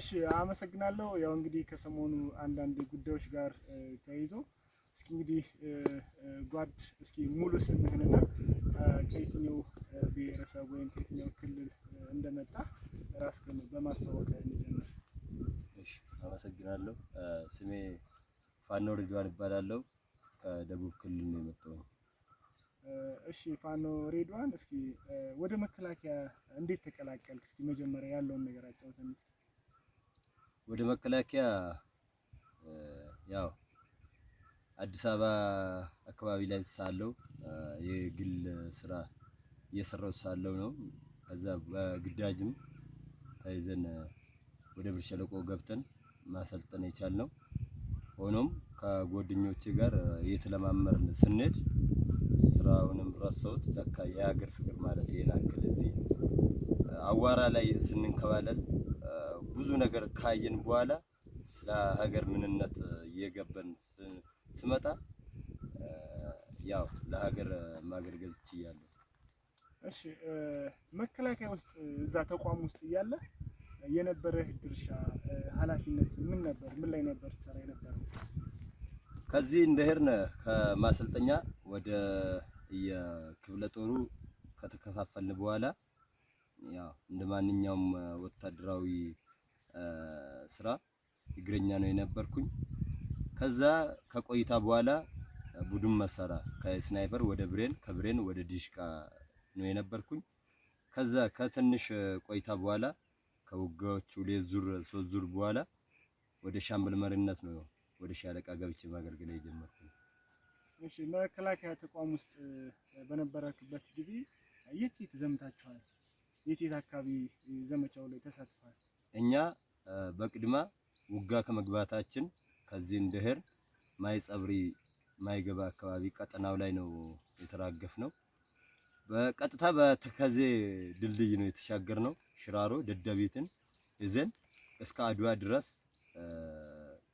እሺ አመሰግናለሁ። ያው እንግዲህ ከሰሞኑ አንዳንድ ጉዳዮች ጋር ተያይዞ እስኪ እንግዲህ ጓድ እስኪ ሙሉ ስምህንና ከየትኛው ብሔረሰብ ወይም ከየትኛው ክልል እንደመጣ ራስህን በማስታወቅ እንጀምር። እሺ አመሰግናለሁ። ስሜ ፋኖ ሬድዋን እባላለሁ። ከደቡብ ክልል ነው የመጣው። እሺ ፋኖ ሬድዋን፣ እስኪ ወደ መከላከያ እንዴት ተቀላቀልክ? እስኪ መጀመሪያ ያለውን ነገር አጫውተን። ወደ መከላከያ ያው አዲስ አበባ አካባቢ ላይ ሳለው የግል ስራ እየሰራው ሳለው ነው። ከዛ በግዳጅም ተይዘን ወደ ብር ሸለቆ ገብተን ማሰልጠን የቻልነው። ሆኖም ከጓደኞቼ ጋር እየተለማመርን ስንሄድ ስራውንም ረሳሁት። ለካ የሀገር ፍቅር ማለት ይሄን አክል እዚህ አዋራ ላይ ስንንከባለል ብዙ ነገር ካየን በኋላ ስለ ሀገር ምንነት እየገባን ስመጣ ያው ለሀገር ማገልገል ችያለሁ። እሺ መከላከያ ውስጥ እዛ ተቋም ውስጥ እያለ የነበረህ ድርሻ ኃላፊነት ምን ነበር? ምን ላይ ነበር ትሰራ የነበረው? ከዚህ እንደሄድን ከማሰልጠኛ ወደ የክፍለ ጦሩ ከተከፋፈልን በኋላ ያው እንደ ማንኛውም ወታደራዊ ስራ እግረኛ ነው የነበርኩኝ። ከዛ ከቆይታ በኋላ ቡድን መሰራ ከስናይፐር ወደ ብሬን ከብሬን ወደ ዲሽቃ ነው የነበርኩኝ። ከዛ ከትንሽ ቆይታ በኋላ ከውጋዎቹ ሁለት ዙር ሶስት ዙር በኋላ ወደ ሻምበል መሪነት ነው ወደ ሻለቃ ገብቼ ማገልገል የጀመርኩኝ። እሺ መከላከያ ተቋም ውስጥ በነበራችሁበት ጊዜ የት የት ዘምታችኋል? የት አካባቢ ዘመቻው ላይ ተሳትፏል? እኛ በቅድማ ውጋ ከመግባታችን ከዚህ እንደህር ማይጸብሪ ማይገባ አካባቢ ቀጠናው ላይ ነው የተራገፍ ነው። በቀጥታ በተከዜ ድልድይ ነው የተሻገር ነው። ሽራሮ ደደቤትን እዘን እስከ አድዋ ድረስ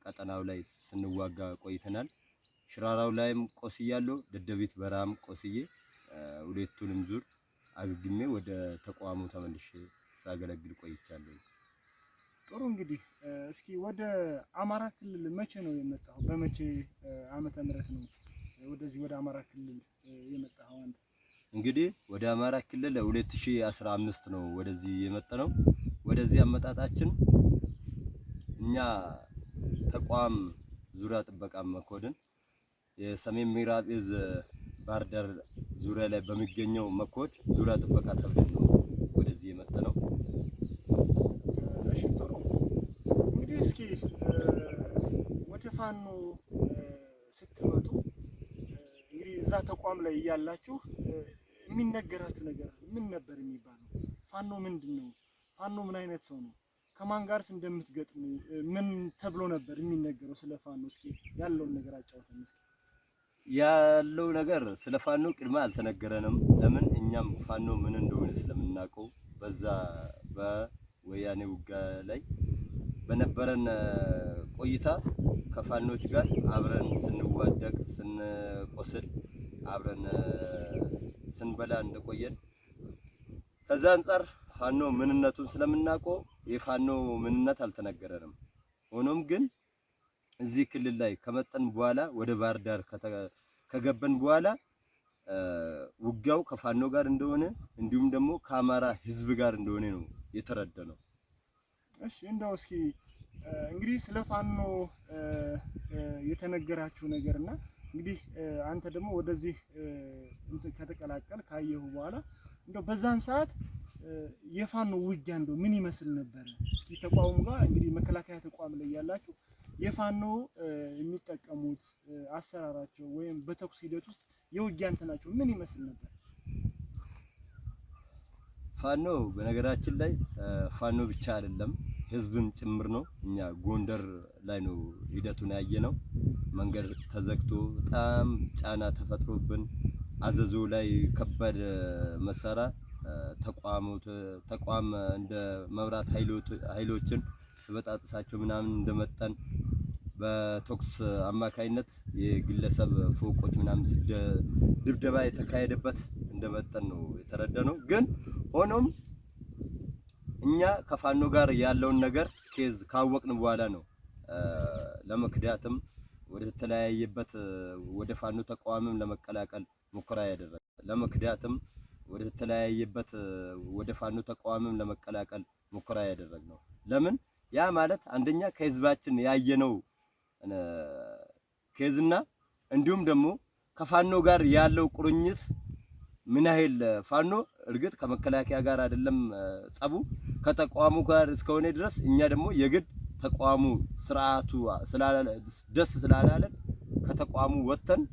ቀጠናው ላይ ስንዋጋ ቆይተናል። ሽራራው ላይም ቆስያለሁ፣ ደደቤት በራም ቆስዬ ሁለቱንም ዙር አግግሜ ወደ ተቋሙ ተመልሼ ሳገለግል ቆይቻለሁ። ጥሩ እንግዲህ እስኪ ወደ አማራ ክልል መቼ ነው የመጣው? በመቼ ዓመተ ምህረት ነው ወደዚህ ወደ አማራ ክልል የመጣው? አንተ እንግዲህ ወደ አማራ ክልል 2015 ነው ወደዚህ የመጣ ነው። ወደዚህ አመጣጣችን እኛ ተቋም ዙሪያ ጥበቃ መኮድን የሰሜን ምዕራብ እዝ ባህር ዳር ዙሪያ ላይ በሚገኘው መኮች ዙሪያ ጥበቃ ተብሎ ነው ወደዚህ የመጣ ነው። እሺ ጥሩ እንግዲህ እስኪ ወደ ፋኖ ስትመጡ እንግዲህ እዛ ተቋም ላይ እያላችሁ የሚነገራችሁ ነገር ምን ነበር የሚባለው? ፋኖ ምንድን ነው? ፋኖ ምን አይነት ሰው ነው? ከማን ጋርስ እንደምትገጥሙ ምን ተብሎ ነበር የሚነገረው? ስለ ፋኖ እስኪ ያለውን ነገር አጫውተን እስኪ ያለው ነገር ስለ ፋኖ ቅድመ አልተነገረንም። ለምን እኛም ፋኖ ምን እንደሆነ ስለምናውቀው በዛ በወያኔ ውጋ ላይ በነበረን ቆይታ ከፋኖች ጋር አብረን ስንዋደቅ ስንቆስል አብረን ስንበላ እንደቆየን ከዛ አንጻር ፋኖ ምንነቱን ስለምናውቀው የፋኖ ምንነት አልተነገረንም። ሆኖም ግን እዚህ ክልል ላይ ከመጠን በኋላ ወደ ባህር ዳር ከገበን በኋላ ውጊያው ከፋኖ ጋር እንደሆነ እንዲሁም ደግሞ ከአማራ ህዝብ ጋር እንደሆነ ነው የተረዳነው። እሺ እንደው እስኪ እንግዲህ ስለ ፋኖ የተነገራችሁ ነገርና እንግዲህ አንተ ደግሞ ወደዚህ ከተቀላቀል ካየሁ በኋላ እንደው በዛን ሰዓት የፋኖ ውጊያ እንደው ምን ይመስል ነበረ? እስኪ ተቋሙ ጋር እንግዲህ መከላከያ ተቋም ላይ ያላችሁ የፋኖ የሚጠቀሙት አሰራራቸው ወይም በተኩስ ሂደት ውስጥ የውጊያ እንትናቸው ምን ይመስል ነበር? ፋኖ በነገራችን ላይ ፋኖ ብቻ አይደለም ህዝብም ጭምር ነው። እኛ ጎንደር ላይ ነው ሂደቱን ያየ ነው። መንገድ ተዘግቶ በጣም ጫና ተፈጥሮብን አዘዞ ላይ ከባድ መሳሪያ ተቋም እንደ መብራት ኃይሎችን ስበጣጥሳቸው ምናምን እንደመጣን በቶክስ አማካይነት የግለሰብ ፎቆች ምናምን ድብደባ የተካሄደበት እንደመጠን ነው የተረዳነው። ግን ሆኖም እኛ ከፋኖ ጋር ያለውን ነገር ኬዝ ካወቅን በኋላ ነው ለመክዳትም ወደ ተለያየበት ወደ ፋኖ ተቃዋሚም ለመቀላቀል ሙከራ ያደረገ ለመክዳትም ወደ ተለያየበት ወደ ፋኖ ተቃዋሚም ለመቀላቀል ሙከራ ያደረግ ነው ለምን ያ ማለት አንደኛ ከህዝባችን ያየነው ከዝና እንዲሁም ደግሞ ከፋኖ ጋር ያለው ቁርኝት ምን ያህል ፋኖ እርግጥ ከመከላከያ ጋር አይደለም ጸቡ ከተቋሙ ጋር እስከሆነ ድረስ እኛ ደግሞ የግድ ተቋሙ ስርዓቱ ደስ ስላላለን ከተቋሙ ወጥተን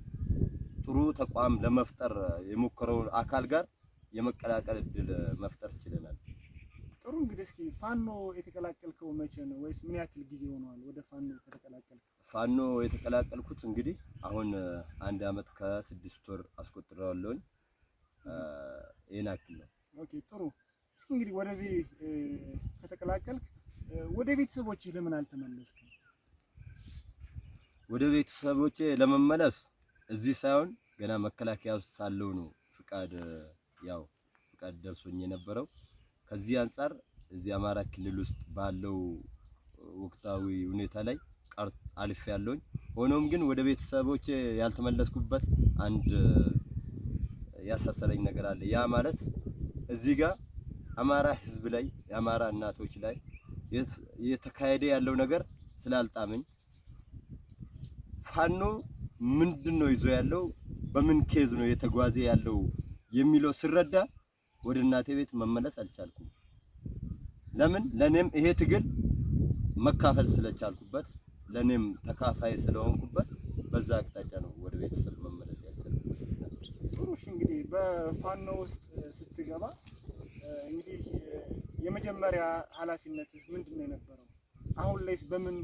ጥሩ ተቋም ለመፍጠር የሞከረውን አካል ጋር የመቀላቀል እድል መፍጠር ችለናል። ጥሩ እንግዲህ እስኪ ፋኖ የተቀላቀልከው መቼ ነው ወይስ ምን ያክል ጊዜ ሆኗል ወደ ፋኖ ከተቀላቀልከው? ፋኖ የተቀላቀልኩት እንግዲህ አሁን አንድ አመት ከስድስት ወር አስቆጥረዋለሁኝ። ይህን አክል ነው። ኦኬ ጥሩ። እስኪ እንግዲህ ወደዚህ ከተቀላቀልክ ወደ ቤተሰቦች ለምን አልተመለስክም? ወደ ቤተሰቦቼ ለመመለስ እዚህ ሳይሆን ገና መከላከያ ሳለው ነው ፍቃድ ያው ፍቃድ ደርሶኝ የነበረው ከዚህ አንጻር እዚህ አማራ ክልል ውስጥ ባለው ወቅታዊ ሁኔታ ላይ ቀርት አልፍ ያለውኝ ሆኖም ግን ወደ ቤተሰቦች ያልተመለስኩበት አንድ ያሳሰረኝ ነገር አለ። ያ ማለት እዚህ ጋር አማራ ህዝብ ላይ የአማራ እናቶች ላይ የተካሄደ ያለው ነገር ስላልጣመኝ ፋኖ ምንድን ነው ይዞ ያለው፣ በምን ኬዝ ነው የተጓዘ ያለው የሚለው ስረዳ ወደ እናቴ ቤት መመለስ አልቻልኩም። ለምን? ለኔም ይሄ ትግል መካፈል ስለቻልኩበት ለኔም ተካፋይ ስለሆንኩበት በዛ አቅጣጫ ነው ወደ ቤተሰብ መመለስ ያልቻልኩት። ጥሩሽ እንግዲህ በፋኖ ውስጥ ስትገባ እንግዲህ የመጀመሪያ ኃላፊነት ምንድን ነው የነበረው? አሁን ላይስ በምን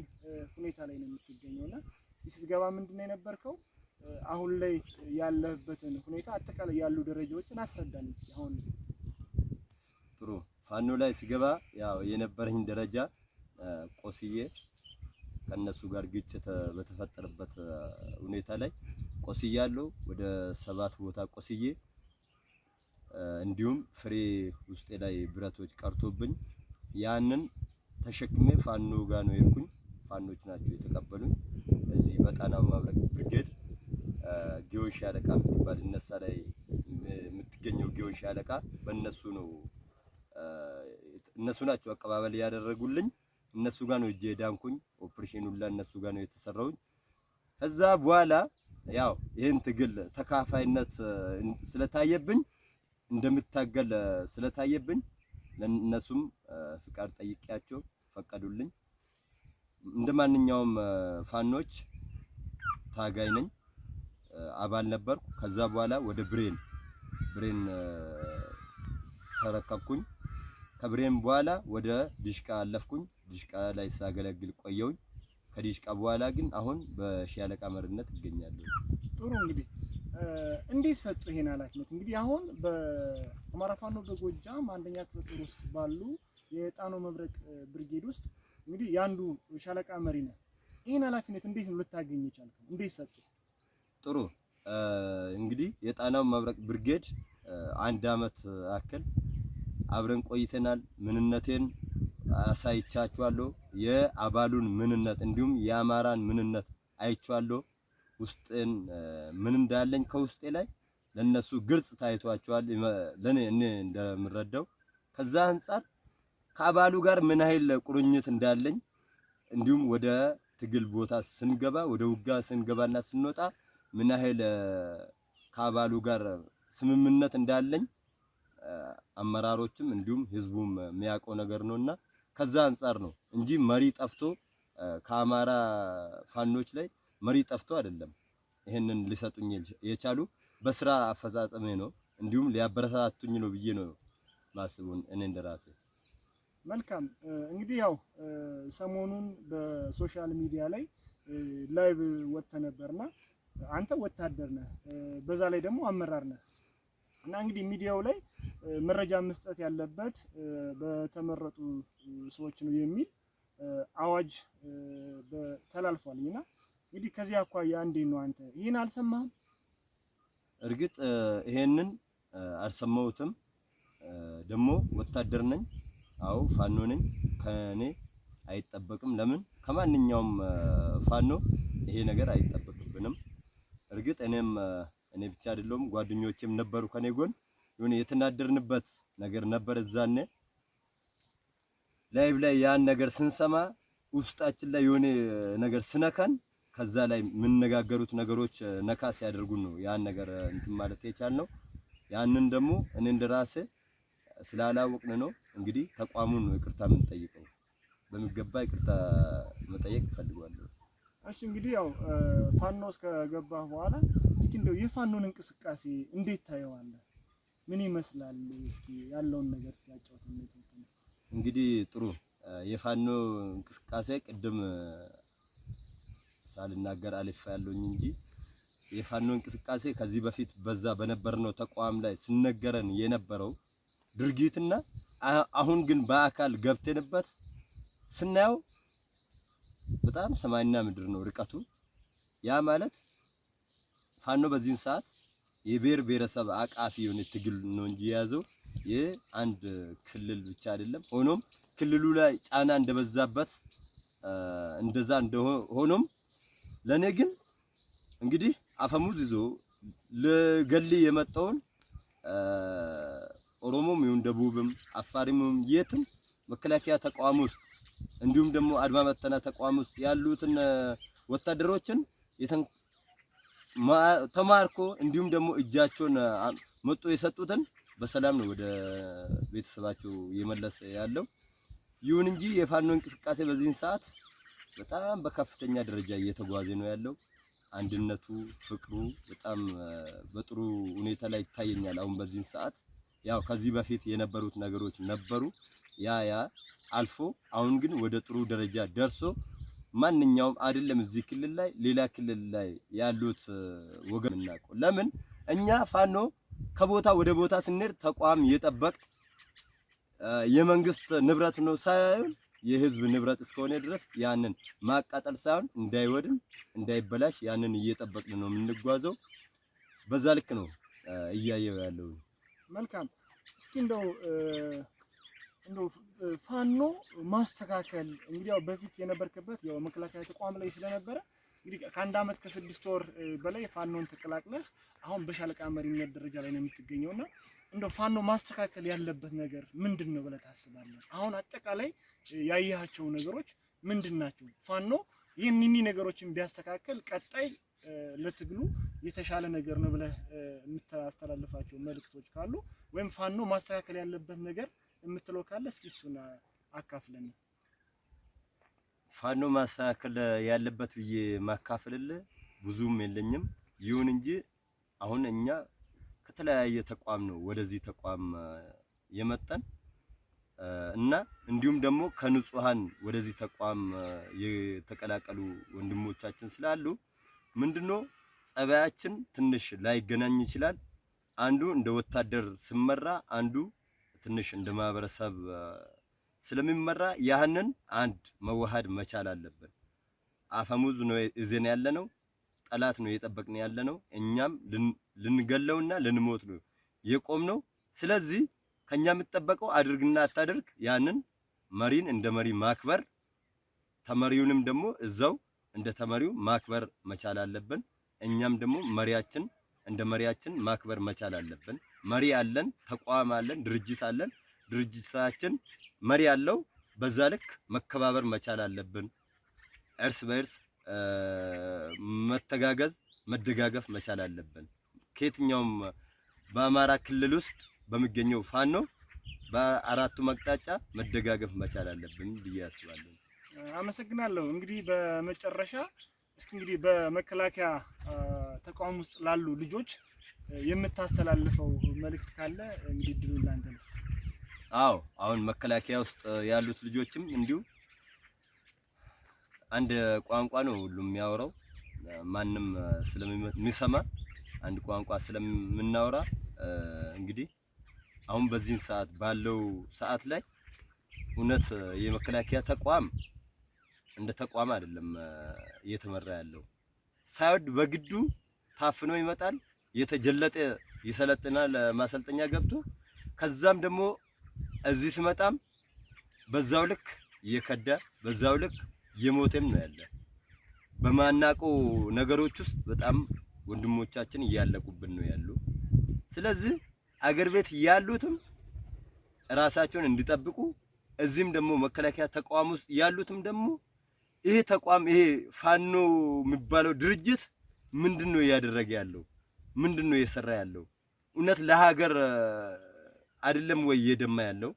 ሁኔታ ላይ ነው የምትገኘው? እና ስትገባ ምንድን ነው የነበርከው? አሁን ላይ ያለህበትን ሁኔታ አጠቃላይ ያሉ ደረጃዎችን አስረዳን እስኪ አሁን ጥሩ ፋኖ ላይ ስገባ ያው የነበረኝ ደረጃ ቆስዬ ከነሱ ጋር ግጭት በተፈጠረበት ሁኔታ ላይ ቆስዬ ወደ ሰባት ቦታ ቆስዬ፣ እንዲሁም ፍሬ ውስጤ ላይ ብረቶች ቀርቶብኝ ያንን ተሸክሜ ፋኖ ጋር ነው የሄድኩኝ። ፋኖች ናቸው የተቀበሉኝ። እዚህ በጣና መብረቅ ብርጌድ ጊዮን ሻለቃ የምትባል እነሳ ላይ የምትገኘው ጊዮን ሻለቃ በእነሱ ነው እነሱ ናቸው አቀባበል ያደረጉልኝ። እነሱ ጋር ነው እጄ ዳንኩኝ። ኦፕሬሽኑ ላይ እነሱ ጋር ነው የተሰራውኝ። ከዛ በኋላ ያው ይህን ትግል ተካፋይነት ስለታየብኝ እንደምታገል ስለታየብኝ ለእነሱም ፍቃድ ጠይቄያቸው ፈቀዱልኝ። እንደ ማንኛውም ፋኖች ታጋይ ነኝ፣ አባል ነበርኩ። ከዛ በኋላ ወደ ብሬን ብሬን ተረከብኩኝ። ከብሬን በኋላ ወደ ዲሽቃ አለፍኩኝ። ዲሽቃ ላይ ሳገለግል ቆየውኝ። ከዲሽቃ በኋላ ግን አሁን በሻለቃ መርነት እገኛለሁ። ጥሩ እንግዲህ እንዴት ሰጡ ይሄን ኃላፊነት? እንግዲህ አሁን በአማራ ፋኖ በጎጃም አንደኛ ክፍለ ጦር ውስጥ ባሉ የጣኖ መብረቅ ብርጌድ ውስጥ እንግዲህ የአንዱ ሻለቃ መሪ ነው። ይህን ኃላፊነት እንዴት ነው ልታገኝ የቻልከው? እንዴት ሰጡ? ጥሩ እንግዲህ የጣናው መብረቅ ብርጌድ አንድ አመት አክል አብረን ቆይተናል። ምንነቴን አሳይቻችኋለሁ። የአባሉን ምንነት እንዲሁም የአማራን ምንነት አይቻለሁ። ውስጤን ምን እንዳለኝ ከውስጤ ላይ ለነሱ ግልጽ ታይቷቸዋል። ለኔ እኔ እንደምረዳው ከዛ አንጻር ከአባሉ ጋር ምን ያህል ቁርኝት እንዳለኝ እንዲሁም ወደ ትግል ቦታ ስንገባ ወደ ውጋ ስንገባና ስንወጣ ምን ያህል ከአባሉ ጋር ስምምነት እንዳለኝ አመራሮችም እንዲሁም ህዝቡም የሚያውቀው ነገር ነውና ከዛ አንጻር ነው እንጂ መሪ ጠፍቶ ከአማራ ፋኖች ላይ መሪ ጠፍቶ አይደለም። ይህንን ሊሰጡኝ የቻሉ በስራ አፈጻጸሜ ነው፣ እንዲሁም ሊያበረታቱኝ ነው ብዬ ነው ማስቡን እኔ እንደራሴ። መልካም እንግዲህ ያው ሰሞኑን በሶሻል ሚዲያ ላይ ላይቭ ወጥተ ነበርና አንተ ወታደር ነህ፣ በዛ ላይ ደግሞ አመራር ነህ እና እንግዲህ ሚዲያው ላይ መረጃ መስጠት ያለበት በተመረጡ ሰዎች ነው የሚል አዋጅ ተላልፏል። እና እንግዲህ ከዚህ አኳያ እንዴት ነው አንተ ይህን አልሰማህም? እርግጥ ይሄንን አልሰማሁትም። ደግሞ ወታደር ነኝ። አዎ ፋኖ ነኝ። ከኔ አይጠበቅም። ለምን ከማንኛውም ፋኖ ይሄ ነገር አይጠበቅብንም። እርግጥ እኔም እኔ ብቻ አይደለሁም፣ ጓደኞቼም ነበሩ ከኔ ጎን። ይሁን የተናደርንበት ነገር ነበር እዛኔ ላይቭ ላይ ያን ነገር ስንሰማ ውስጣችን ላይ የሆነ ነገር ስነካን ከዛ ላይ የምንነጋገሩት ነገሮች ነካ ሲያደርጉን ነው ያን ነገር እንትን ማለት የቻልነው። ያንን ደግሞ እኔ እንደራሴ ስላላወቅን ነው እንግዲህ ተቋሙን ነው ይቅርታ የምንጠይቀው። በሚገባ ይቅርታ መጠየቅ እፈልጋለሁ። እሺ እንግዲህ ያው ፋኖ ውስጥ ከገባህ በኋላ እስኪ እንደው የፋኖን እንቅስቃሴ እንዴት ታየዋለህ? ምን ይመስላል? እስኪ ያለውን ነገር ሲያጫውት እንግዲህ ጥሩ የፋኖ እንቅስቃሴ ቅድም ሳልናገር አልፋ ያለኝ እንጂ የፋኖ እንቅስቃሴ ከዚህ በፊት በዛ በነበርነው ተቋም ላይ ሲነገረን የነበረው ድርጊትና አሁን ግን በአካል ገብተንበት ስናየው በጣም ሰማይና ምድር ነው ርቀቱ። ያ ማለት ፋኖ በዚህን ሰዓት የብሔር ብሔረሰብ አቃፊ የሆነ ትግል ነው እንጂ የያዘው የአንድ ክልል ብቻ አይደለም። ሆኖም ክልሉ ላይ ጫና እንደበዛበት እንደዛ እንደሆኖም ለእኔ ግን እንግዲህ አፈሙዝ ይዞ ለገሊ የመጣውን ኦሮሞም ይሁን ደቡብም አፋሪምም የትም መከላከያ ተቋም ውስጥ እንዲሁም ደግሞ አድማ መተና ተቋም ውስጥ ያሉትን ወታደሮችን ተማርኮ እንዲሁም ደግሞ እጃቸውን መጦ የሰጡትን በሰላም ነው ወደ ቤተሰባቸው እየመለሰ ያለው። ይሁን እንጂ የፋኖ እንቅስቃሴ በዚህን ሰዓት በጣም በከፍተኛ ደረጃ እየተጓዘ ነው ያለው። አንድነቱ፣ ፍቅሩ በጣም በጥሩ ሁኔታ ላይ ይታየኛል አሁን በዚህን ሰዓት ያው ከዚህ በፊት የነበሩት ነገሮች ነበሩ። ያ ያ አልፎ አሁን ግን ወደ ጥሩ ደረጃ ደርሶ ማንኛውም አይደለም እዚህ ክልል ላይ ሌላ ክልል ላይ ያሉት ወገን እናቆ ለምን እኛ ፋኖ ከቦታ ወደ ቦታ ስንሄድ ተቋም የጠበቅ የመንግስት ንብረት ነው ሳይሆን የህዝብ ንብረት እስከሆነ ድረስ ያንን ማቃጠል ሳይሆን እንዳይወድም እንዳይበላሽ ያንን እየጠበቅን ነው የምንጓዘው። በዛ ልክ ነው እያየው ያለው። መልካም። እስኪ እንደው እንደው ፋኖ ማስተካከል እንግዲህ ያው በፊት የነበርክበት ያው መከላከያ ተቋም ላይ ስለነበረ እንግዲህ ከአንድ አመት ከስድስት ወር በላይ ፋኖን ተቀላቅለህ አሁን በሻለቃ መሪነት ደረጃ ላይ ነው የምትገኘውና እንደው ፋኖ ማስተካከል ያለበት ነገር ምንድን ነው ብለህ ታስባለህ? አሁን አጠቃላይ ያየሃቸው ነገሮች ምንድን ናቸው? ፋኖ ይህን እኒህ ነገሮችን ቢያስተካከል ቀጣይ ለትግሉ የተሻለ ነገር ነው ብለህ የምታስተላልፋቸው መልእክቶች ካሉ ወይም ፋኖ ማስተካከል ያለበት ነገር የምትለው ካለ እስኪ እሱን አካፍለን። ፋኖ ማስተካከል ያለበት ብዬ ማካፈልልህ ብዙም የለኝም። ይሁን እንጂ አሁን እኛ ከተለያየ ተቋም ነው ወደዚህ ተቋም የመጠን። እና እንዲሁም ደግሞ ከንጹሃን ወደዚህ ተቋም የተቀላቀሉ ወንድሞቻችን ስላሉ ምንድነው ጸባያችን ትንሽ ላይገናኝ ይችላል። አንዱ እንደ ወታደር ስመራ፣ አንዱ ትንሽ እንደ ማህበረሰብ ስለሚመራ ያህንን አንድ መዋሃድ መቻል አለብን። አፈሙዝ ነው እዚህ ያለ ነው፣ ጠላት ነው የጠበቅን ያለ ነው። እኛም ልንገለውና ልንሞት ነው የቆም ነው። ስለዚህ ከኛ የምትጠበቀው አድርግና አታድርግ፣ ያንን መሪን እንደ መሪ ማክበር ተመሪውንም ደግሞ እዛው እንደ ተመሪው ማክበር መቻል አለብን። እኛም ደግሞ መሪያችን እንደ መሪያችን ማክበር መቻል አለብን። መሪ አለን፣ ተቋም አለን፣ ድርጅት አለን። ድርጅታችን መሪ አለው። በዛ ልክ መከባበር መቻል አለብን። እርስ በእርስ መተጋገዝ፣ መደጋገፍ መቻል አለብን። ከየትኛውም በአማራ ክልል ውስጥ በሚገኘው ፋኖ በአራቱ መቅጣጫ መደጋገፍ መቻል አለብን ብዬ አስባለሁ። አመሰግናለሁ። እንግዲህ በመጨረሻ እስኪ እንግዲህ በመከላከያ ተቋም ውስጥ ላሉ ልጆች የምታስተላልፈው መልእክት ካለ እንግዲህ ድሉ ላንተ ነው። አዎ አሁን መከላከያ ውስጥ ያሉት ልጆችም እንዲሁ አንድ ቋንቋ ነው ሁሉም የሚያወራው። ማንም ስለሚሰማ አንድ ቋንቋ ስለምናወራ እንግዲህ አሁን በዚህን ሰዓት ባለው ሰዓት ላይ እውነት የመከላከያ ተቋም እንደ ተቋም አይደለም እየተመራ ያለው። ሳይወድ በግዱ ታፍኖ ይመጣል። የተጀለጠ ይሰለጥናል፣ ማሰልጠኛ ገብቶ ከዛም ደግሞ እዚህ ሲመጣም በዛው ልክ እየከዳ በዛው ልክ እየሞተም ነው ያለ። በማናቁ ነገሮች ውስጥ በጣም ወንድሞቻችን እያለቁብን ነው ያሉ። ስለዚህ አገር ቤት ያሉትም ራሳቸውን እንዲጠብቁ እዚህም ደግሞ መከላከያ ተቋም ውስጥ ያሉትም ደግሞ ይሄ ተቋም ይሄ ፋኖ የሚባለው ድርጅት ምንድን ነው እያደረገ ያለው? ምንድን ነው እየሰራ ያለው? እውነት ለሀገር አይደለም ወይ እየደማ ያለው?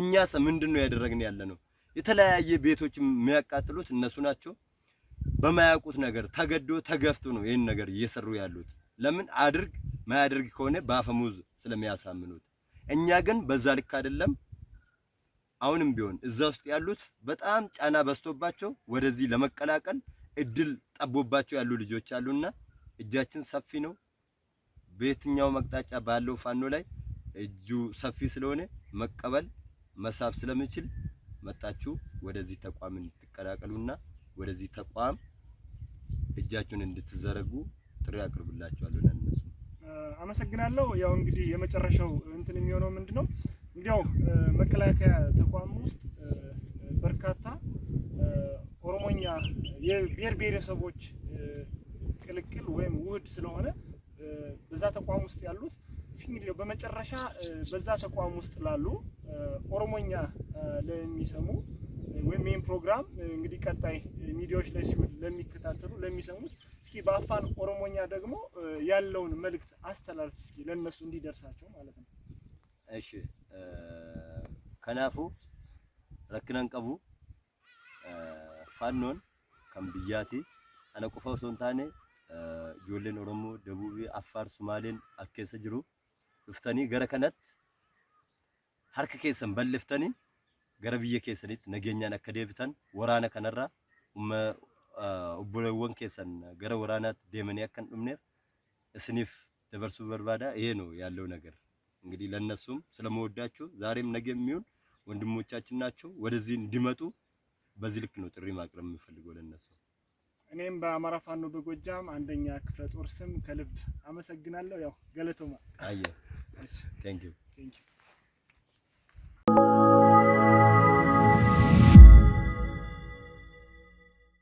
እኛስ ምንድን ነው ያደረግን ያለ ነው? የተለያየ ቤቶች የሚያቃጥሉት እነሱ ናቸው። በማያውቁት ነገር ተገዶ ተገፍቶ ነው ይህን ነገር እየሰሩ ያሉት። ለምን አድርግ ማያደርግ ከሆነ በአፈሙዝ ስለሚያሳምኑት፣ እኛ ግን በዛ ልክ አይደለም። አሁንም ቢሆን እዛ ውስጥ ያሉት በጣም ጫና በዝቶባቸው ወደዚህ ለመቀላቀል እድል ጠቦባቸው ያሉ ልጆች አሉና እጃችን ሰፊ ነው። በየትኛው መቅጣጫ ባለው ፋኖ ላይ እጁ ሰፊ ስለሆነ መቀበል መሳብ ስለምችል መጣችሁ ወደዚህ ተቋም እንድትቀላቀሉና ወደዚህ ተቋም እጃችሁን እንድትዘረጉ ጥሪ አቅርብላችኋለሁ። አመሰግናለሁ። ያው እንግዲህ የመጨረሻው እንትን የሚሆነው ምንድን ነው እንግዲያው መከላከያ ተቋም ውስጥ በርካታ ኦሮሞኛ የብሔር ብሔረሰቦች ቅልቅል ወይም ውህድ ስለሆነ በዛ ተቋም ውስጥ ያሉት እንግዲህ በመጨረሻ በዛ ተቋም ውስጥ ላሉ ኦሮሞኛ ለሚሰሙ ወይም ይህም ፕሮግራም እንግዲህ ቀጣይ ሚዲያዎች ላይ ሲውል ለሚከታተሉ ለሚሰሙት እስኪ በአፋን ኦሮሞኛ ደግሞ ያለውን መልእክት አስተላልፍ እስኪ ለእነሱ እንዲደርሳቸው ማለት ነው። እሺ ከናፉ ረክነን ቀቡ ፋኖን ከምብያቲ አነ ቆፋ ሶን ታኔ ijoolleen Oromoo Dabuubii Affaar Sumaaleen as ገረከነት jiru dhuftanii በልፍተኒ gara biyya keessanitti nageenyaan akka deebitan waraana kanarraa obboleewwan keessan gara waraanaatti deemanii akka hin dhumneef isiniif dabarsuu barbaada። ይሄ ነው ያለው ነገር። እንግዲህ ለነሱም ስለመወዳችሁ ዛሬም ነገ የሚሆን ወንድሞቻችን ናቸው፣ ወደዚህ እንዲመጡ በዚህ ልክ ነው ጥሪ ማቅረብ የምፈልገው ለነሱ። እኔም በአማራ ፋኖ በጎጃም አንደኛ ክፍለ ጦር ስም ከልብ አመሰግናለሁ። ያው ገለቶማ አየ ቴንክ ዩ